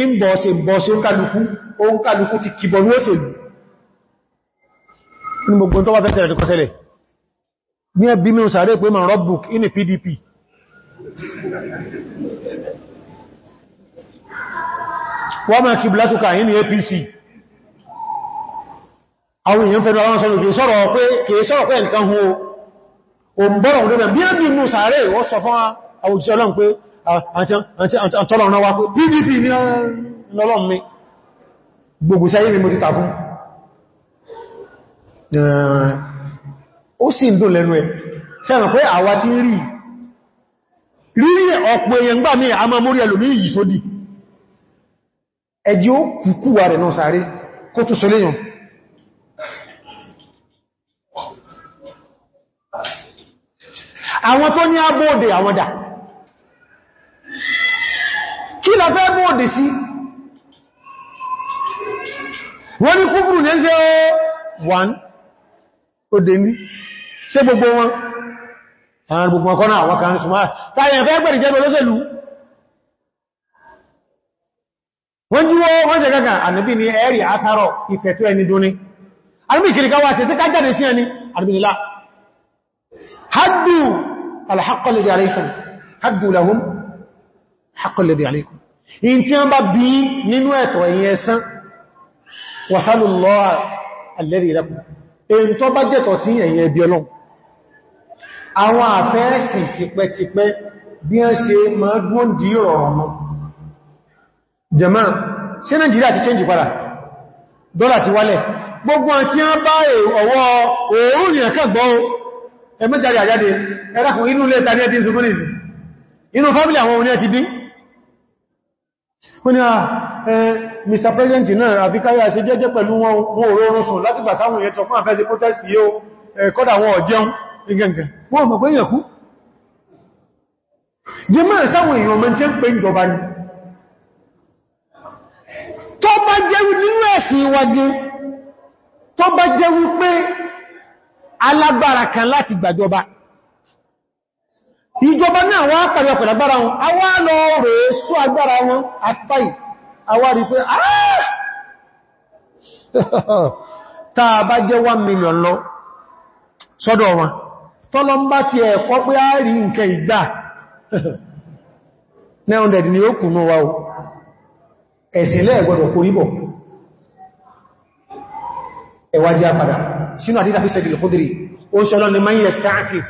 ìbọ̀ọ̀sẹ̀ ìbọ̀ọ̀sẹ̀ oúnkàlùkú oúnkàlùkú ti kìbọ̀ ní òṣèlú ní gbogbo tó wá fẹ́ tẹ̀rẹ̀ kọsẹ̀lẹ̀ ní ẹbí mi sàárẹ́ pé man rabbuk inú PDP wọ́n mẹ́ kiblatuka inú APC àwọn èèyàn fẹ́lú àwọn sọ́rọ̀ kìí sọ́rọ̀ pé kìí sọ́rọ̀ pé nǹkan hun o ń bọ́rọ̀ àtọ́lọ̀rọ̀ wá pé pdp ní ọlọ́run mi gbogbo sáyé ni mo ti tà fún ó sì ń dùn lẹ́nu ẹ̀ sẹ́rùn pé àwa ti rí rírí ọ̀pọ̀ èèyàn gbà mí a máa mórí ẹlòmí yìí sódì ẹjí ó kùkú wà rẹ̀ náà sáré kó tó sọ léyàn àwọn tó ní abóòdè àwọn dà la fẹ́ mú òdè sí wọ́n ní kúfùrù ní ṣe ó wọ́n òdè ní ṣe gbogbo wọn àwọn gbogbo ọkọ́nà àwọn kan súnmọ́ táyẹ̀ fẹ́ gbẹ̀rẹ̀ jẹ́ olóṣèlú wọ́n jíwọ́ wọ́n ṣe gẹ́gà ànàbí ni ẹ̀rì àtàrọ̀ ìfẹ̀tọ́ ẹni dúnni àrùbí kìrìká wà sí ká jáde sí alaykum haddu lahum haqqalladhi alaykum in tí wọ́n bá bí nínú ẹ̀tọ̀ ẹ̀yìn ẹ̀sán wàsánù lọ́wà alẹ́rì ìlẹ́kùn èyí tó bá jẹ́tọ̀ tí ẹ̀yìn ẹbí ọlọ́run àwọn àfẹ́ẹ̀sì tipẹ́tipẹ́ bí wọ́n ṣe máa dún dí ọ̀rọ̀ mọ́ jẹ́mọ́ sí Nàìjíríà ti change padà dọ́là ti wálẹ̀ gbogbo àti wọ́n bá ọwọ́ òórùn ìrẹ̀kẹ́gbọ́ ẹmẹ́jáde àjáde ẹ̀rákùn inú ilé ìtàní ẹ̀ ti ń sọmọ́nìsì inú fámílì àwọn oní ẹ̀ ti dín wọ́n ni a Mr. President náà àfi káyà ṣe jẹ́jẹ́ pẹ̀lú wọn wọ́n òróorun sùn láti gbà táwọn èèyàn tọkún àfẹ́ sí protest yíó kọ́dà wọn ọ̀jẹun ìgẹ̀gẹ̀ wọ́n mọ̀ pé èèyàn kú jẹ́ mẹ́rin sáwọn èèyàn mẹ́ tí ń pè ìjọba ni tó bá jẹ́ nínú ẹ̀sìn ìwájú tó bá jẹ́ wípé alágbára kan láti gbàjọba ìjọba náà wá pàdé pẹ̀lẹ̀gbára wọn a wá lọ rẹ̀ sọ agbára wọn àtàì àwárí pé àà ah! <laughs> tàà bá jẹ́ 1 million lọ sọ́dọ̀ wọn tọ́lọ ń bá ti ẹ̀kọ́ pé a rí nǹkan ìgbà 900 <laughs> ni ó kù ní wa o ẹ̀sìnlẹ̀ ẹ̀gbọ́dọ̀ kò ríbọ̀ ẹwà jẹ́ àpàdà sínú àdísàfíṣẹ́gìlì kúdìrí ó ṣọ́lọ́ ni man yasta'fif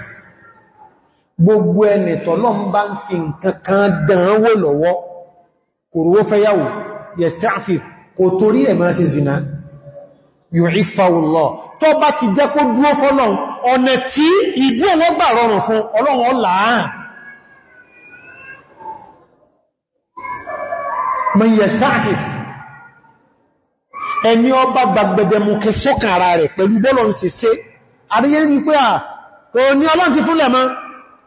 gbogbo ẹni tọ́lọ́m bá ń fi nǹkan kan dánwò lọ́wọ́ kò rówó fẹ́yàwó yẹ̀stẹ́àfì kò torí ẹ̀mọ́ zina yóò ìfàwòlọ́ tó bá ti jẹ́ kó dúró fọ́lọ́n ọ̀nà tí ìbú ọwọ́ gbà rọrùn fún ọlọ́run ọláàán man yẹ̀stẹ́àfì ẹni ọba ni kẹsọ́kàrà rẹ̀ pẹ̀lú ọlọ́run ti fúnlẹ̀ mọ́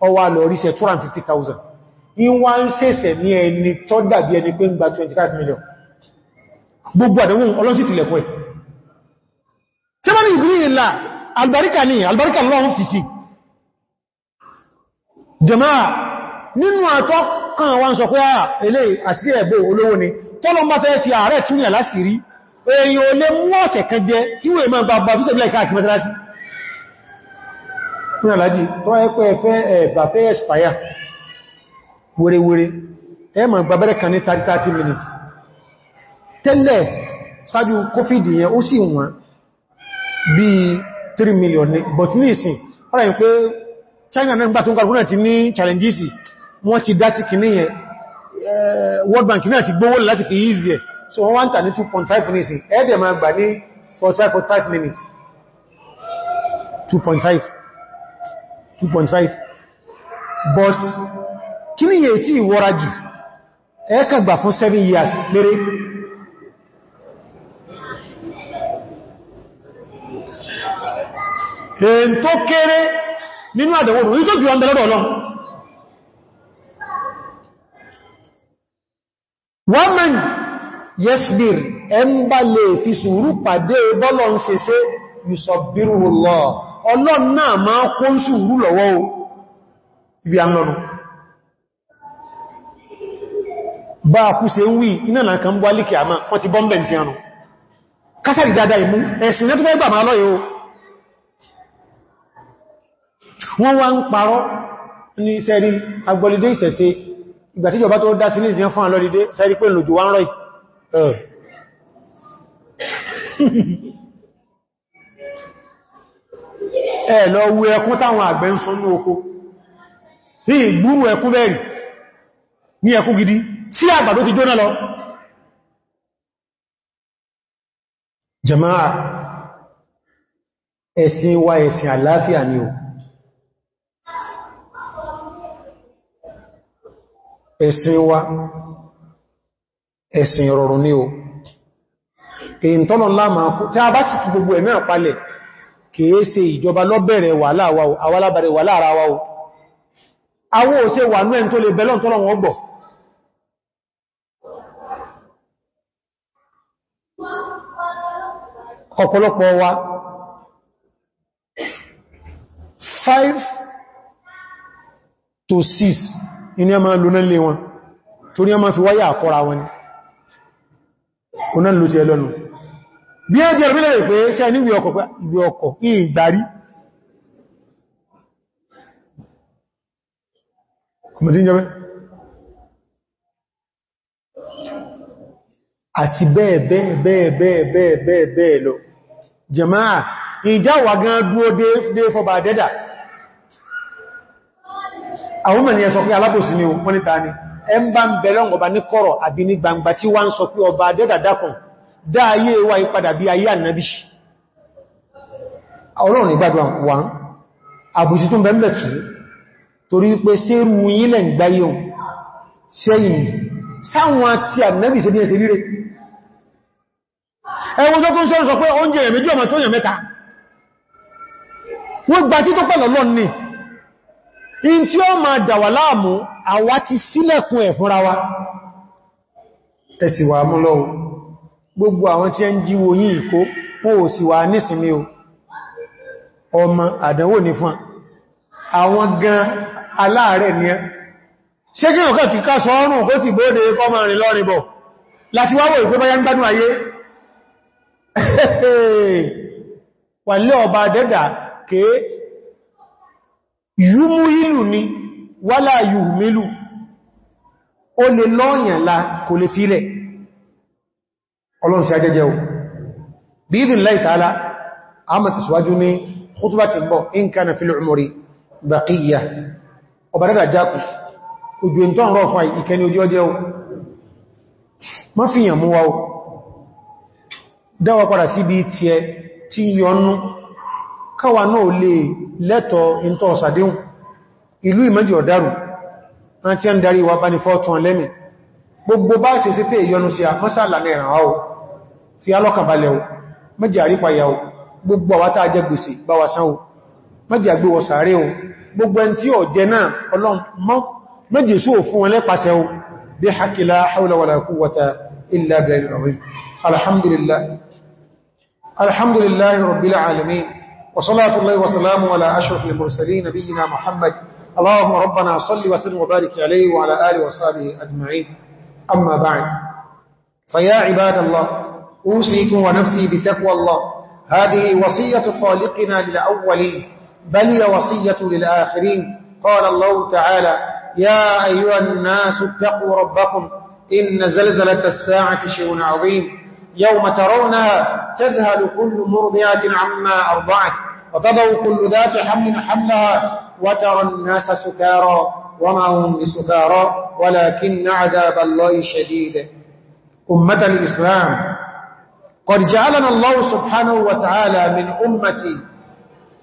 ọwà lọ ríṣẹ́ 250,000 in wá ń sẹ́sẹ̀ ní ẹni tọ́ dàbí ẹni pé ń gba 25 million gbogbo àdẹ̀wọ̀n ọlọ́sì tilẹ̀ fún ẹ̀ tí wọ́n ni ìgbìyàn ìlà albarika ní albarika lọ́wọ́n fi sí jẹmáà nínú àtọ́ kan wọ́n sọ pé àà ilé àsírí ẹ̀bọ́ olówó ni tọ́lọ bá fẹ́ fi ààrẹ túnìyà lásìrí èèyàn olè mú ọ̀sẹ̀ kan jẹ tí wọ́n èèmọ̀ bá ní àlájì tó wáyé pé ẹ̀fẹ́ ẹ̀bà fẹ́ ẹ̀ṣpáyà wèrèwèrè ẹ máa gbàbẹ́rẹ́ kan ní 30-30 minutes tẹ́lẹ̀ ṣáájú kófìdì yẹn ó sì wọ́n bí 3 million ní but ní ìsìn ọ́rọ̀ yìí pé China náà gbà tó ń kàrùn ti ní challenges wọ́n ti dá sí kìíní yẹn eh, World Bank náà ti gbówó láti fi easy ẹ̀ so wọ́n wá ń tà ní 2.5 minutes ẹ̀ẹ́dẹ̀ máa gbà ní 45-45 minutes 2.5 2.5 but kí ní yẹ tí ìwọ́ra jù ẹ́kà gbà fún 7 years léré èyí tó kéré nínú àdẹ̀wò ní tó jù ọmọdé lọ́dọ̀ ọlọ́run wọ́n mẹ́rin yẹ́sbìr ẹ ń bá lè fi sùúrù pàdé bọ́lọ̀ ń ṣe ṣe yùsọ̀bírùrù lọ́ọ̀ ọlọ́n náà máa kó ń sùúrù lọ́wọ́ o ibi àmọ́nù bá kú se ń wí iná na kan bọ́ alíkẹ̀ àmá wọ́n ti bọ́m̀bẹ̀ ti àrùn kásàrì dáadáa ìmú ẹ̀sìn tó fẹ́ gbà máa lọ́yẹ̀ o wọ́n wá ń parọ́ ní sẹ́rí agbọ́lidé ìsẹ̀ṣe ìgbàtíjọba tó dá sí ní ẹ lọ wu ẹkún táwọn àgbẹ̀ ń sọ́nú oko ní ìgbúrù ẹkún bẹ́ẹ̀rì ní ẹkún gidi tí àgbàdo ti jóná lọ jama'a ẹ̀sìn wa ẹ̀sìn àlàáfíà ni o ẹ̀sìn wa ẹ̀sìn ìrọ̀rùn ni o èyí tọ́lọ̀ ńlá máa kú tí a bá sì ti gbogbo ẹ̀ náà kìí ṣe ìjọba lọ́bẹ̀rẹ̀ wà láàwọ̀ wà láàrá wa o awó ò ṣe wà mẹ́rin tó lè bẹ̀lọ́n tọ́lọ̀ wọn gbọ̀ ọ̀pọ̀lọpọ̀ wa 5 to 6 iní a máa lónà lé wọn torí a fi wáyà àkọ́ra wọn ni oná lò ti ẹlọ́nu bí ó jẹ́ ìrìnlẹ̀ pé ṣe ní ìwé ọkọ̀ ìwé ọkọ̀ ìgbàrí àti bẹ́ẹ̀ bẹ́ẹ̀ bẹ́ẹ̀ bẹ́ẹ̀ bẹ́ẹ̀ bẹ́ẹ̀ bẹ́ẹ̀ lọ jẹmáà ìjà wà gan dúó dé fọba dẹ́dà àwọn mẹ́rin ẹ ní dá ayé wa ìpadà bí ayé ànábì ọlọ́run ìgbàdọ̀ wọn àbùsí tún bẹ̀m̀bẹ̀ tún torí pé sẹ́rù yílẹ̀ ń gbáyé ohun sẹ́yìn sáwọn àti ànábì sí díẹ̀ sí ríre ẹwọ́n tó tún sọ́rọ̀ sọ pé oúnjẹ yẹ̀ méjì ọmọ tó yẹ̀ mẹ́ta gbogbo àwọn tí ẹ ń jíwo yí ìkó ó sì wà nísìnmí o ọmọ àdánwò ní fún àwọn gan aláàrẹ̀ ní ẹ ṣe kí ọ̀kọ̀ ti káṣọ ọrùn kó sì bóde kọmọ rìn lọ́rin bọ̀ láti wáwọ̀ ìpé báyá ń gbádùn ayé <laughs> wà ọba dẹ́dà ké yúmú ìlú ni wálà yùmílù ó lè lọ́yàn la kò lè filẹ̀ ọlọ́run sí ajẹ́jẹ́ o bí ìdìn láì tààlá a mọ̀ tẹ̀síwájú ní kútùbátì bọ̀ in kana fil umri baqiyya ọba dada jákù ojú in tọ́n rọ̀fà ìkẹni ojú ọjẹ́ o ma fi yàn mú wa o dáwà padà sí bí tí ẹ tí yọnú káwà náà lè lẹ́tọ̀ ìntọ́ ọ̀sàdéhùn ìlú ìmẹ́jì ọ̀dárù gbogbo bá ṣe sí tẹ́ ìyọnu sí àmọ́sàlà ní ìrànwọ́ fi alọ́kànbalẹ̀ o mẹ́jì àrípayà o gbogbo àwátá ajẹ́ gbèsè bá wa sán o mẹ́jì àgbé wọ sàárẹ́ o gbogbo ẹn tí ó jẹ náà ọlọ́n mẹ́jì sú ò fún wọn lẹ́pàṣẹ o bí hakila haula wala quwwata illa billahi al-azim alhamdulillah alhamdulillah rabbil alamin wa salatu llahi wa salamu ala ashrafil mursalin nabiyyina muhammad allahumma rabbana salli wa sallim wa barik alayhi wa ala alihi wa sahbihi ajma'in amma ba'd fa ya ibadallah أوصيكم ونفسي بتقوى الله هذه وصية خالقنا للأولين بل هي وصية للآخرين قال الله تعالى يا أيها الناس اتقوا ربكم إن زلزلة الساعة شيء عظيم يوم ترونها تذهل كل مرضعة عما أرضعت وتضع كل ذات حمل حملها وترى الناس سكارا وما هم بسكارا ولكن عذاب الله شديد أمة الإسلام قد جعلنا الله سبحانه وتعالى من أمة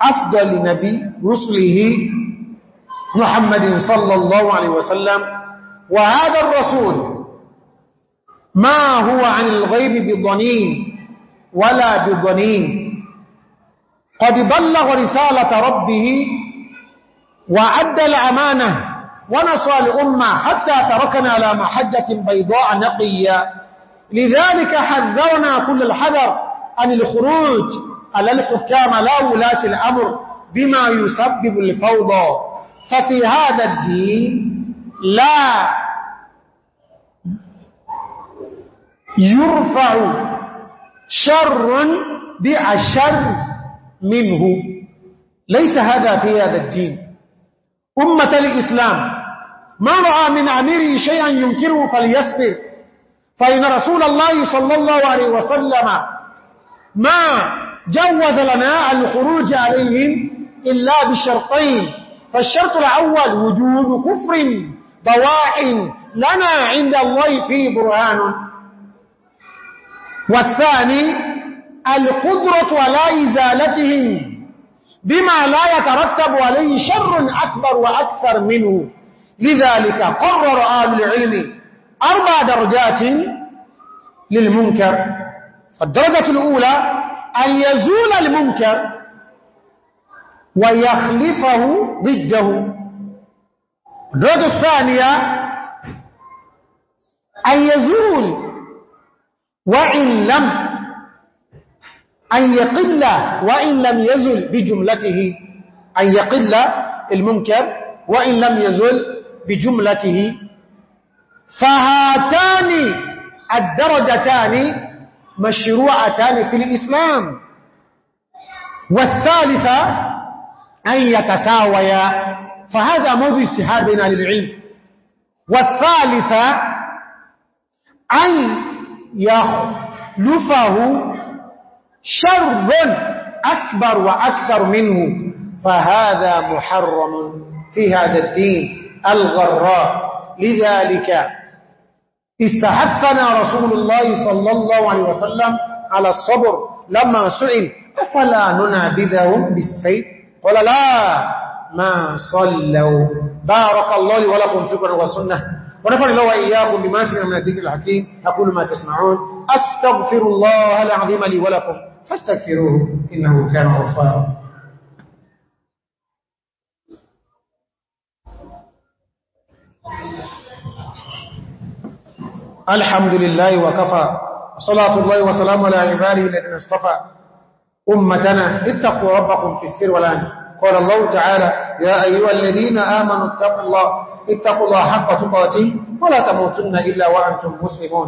أفضل نبي رسله محمد صلى الله عليه وسلم وهذا الرسول ما هو عن الغيب بضنين ولا بضنين قد بلغ رسالة ربه وعد الأمانة ونصى لأمة حتى تركنا على محجة بيضاء نقية لذلك حذرنا كل الحذر عن الخروج على الحكام لا ولاة الأمر بما يسبب الفوضى ففي هذا الدين لا يرفع شر بأشر منه ليس هذا في هذا الدين أمة الإسلام ما رأى من أميره شيئا ينكره فليسبر فإن رسول الله صلى الله عليه وسلم ما جوز لنا الخروج عليهم إلا بشرطين فالشرط الأول وجود كفر بواح لنا عند الله فيه برهان والثاني القدرة على إزالتهم بما لا يترتب عليه شر أكبر وأكثر منه لذلك قرر آل العلم أربع درجات للمنكر فالدرجة الأولى أن يزول المنكر ويخلفه ضده الدرجة الثانية أن يزول وإن لم أن يقل وإن لم يزل بجملته أن يقل المنكر وإن لم يزل بجملته فهاتان الدرجتان مشروعتان في الإسلام والثالثة أن يتساويا فهذا موضوع استهابنا للعلم والثالثة أن يخلفه شر أكبر وأكثر منه فهذا محرم في هذا الدين الغراء لذلك استحفنا رسول الله صلى الله عليه وسلم على الصبر لما سئل أفلا ننابذهم بالسيد قال لا ما صلوا بارك الله لي ولكم في القرآن والسنة ونفر الله وإياكم بما فينا من الذكر الحكيم أقول ما تسمعون أستغفر الله العظيم لي ولكم فاستغفروه إنه كان غفارا الحمد لله وكفى صلاة الله وسلام على عباده الذين اصطفى أمتنا اتقوا ربكم في السر والآن قال الله تعالى يا أيها الذين آمنوا اتقوا الله اتقوا الله حق تقاته ولا تموتن إلا وأنتم مسلمون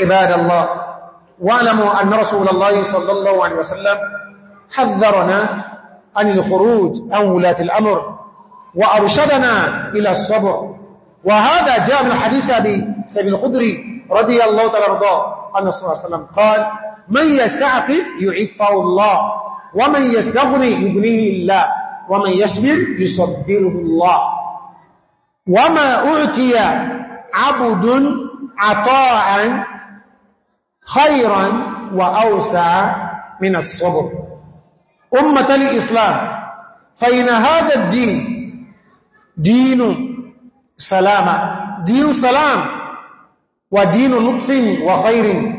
عباد الله واعلموا أن رسول الله صلى الله عليه وسلم حذرنا عن الخروج عن ولاة الأمر وأرشدنا إلى الصبر وهذا جاء من حديث أبي سبيل الخدري رضي الله تعالى رضاه أن صلى الله عليه وسلم قال من يستعفف يعفه الله ومن يستغني يبنيه الله ومن يصبر يصبره الله وما أعطي عبد عطاء خيرا وأوسع من الصبر أمة الإسلام فإن هذا الدين دين سلاما دين سلام ودين لطف وخير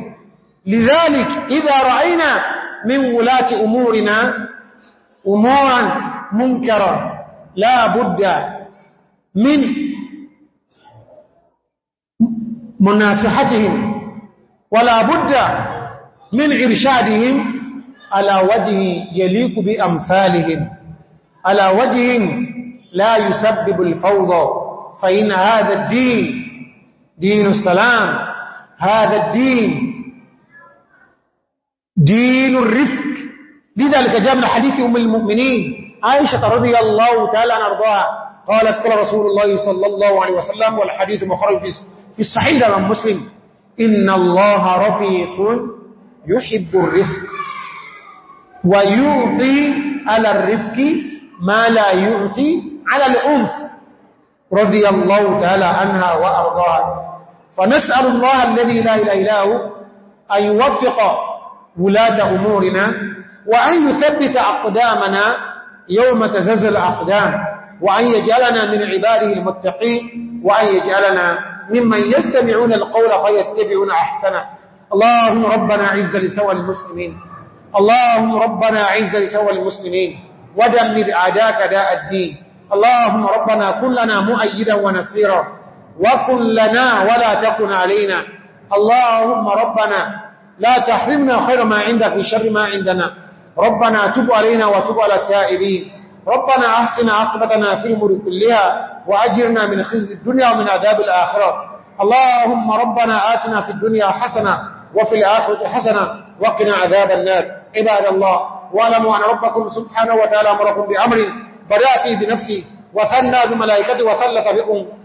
لذلك إذا رأينا من ولاة أمورنا أمورا منكرا لا بد من مناسحتهم ولا بد من إرشادهم على وجه يليق بأمثالهم على وجه لا يسبب الفوضى فإن هذا الدين دين السلام هذا الدين دين الرفق لذلك جاء من حديث أم المؤمنين عائشة رضي الله تعالى أرضاها قالت قال رسول الله صلى الله عليه وسلم والحديث مخرج في الصحيح من مسلم إن الله رفيق يحب الرفق ويعطي على الرفق ما لا يعطي على الأنف رضي الله تعالى عنها وأرضاها فنسأل الله الذي لا إله إلا هو أن يوفق ولاة أمورنا وأن يثبت أقدامنا يوم تزلزل أقدام وأن يجعلنا من عباده المتقين وأن يجعلنا ممن يستمعون القول فيتبعون أحسنه اللهم ربنا عز لسوى المسلمين اللهم ربنا عز لسوى المسلمين ودمر أعداك داء الدين اللهم ربنا كن لنا مؤيدا ونصيرا وكن لنا ولا تكن علينا اللهم ربنا لا تحرمنا خير ما عندك وشر ما عندنا ربنا تب علينا وتب على التائبين ربنا أحسن عقبتنا في المر كلها وأجرنا من خزي الدنيا ومن عذاب الآخرة اللهم ربنا آتنا في الدنيا حسنة وفي الآخرة حسنة وقنا عذاب النار عباد الله وألموا أن ربكم سبحانه وتعالى أمركم بأمر بدأ فيه بنفسه وثنى بملائكته وثلث بأمه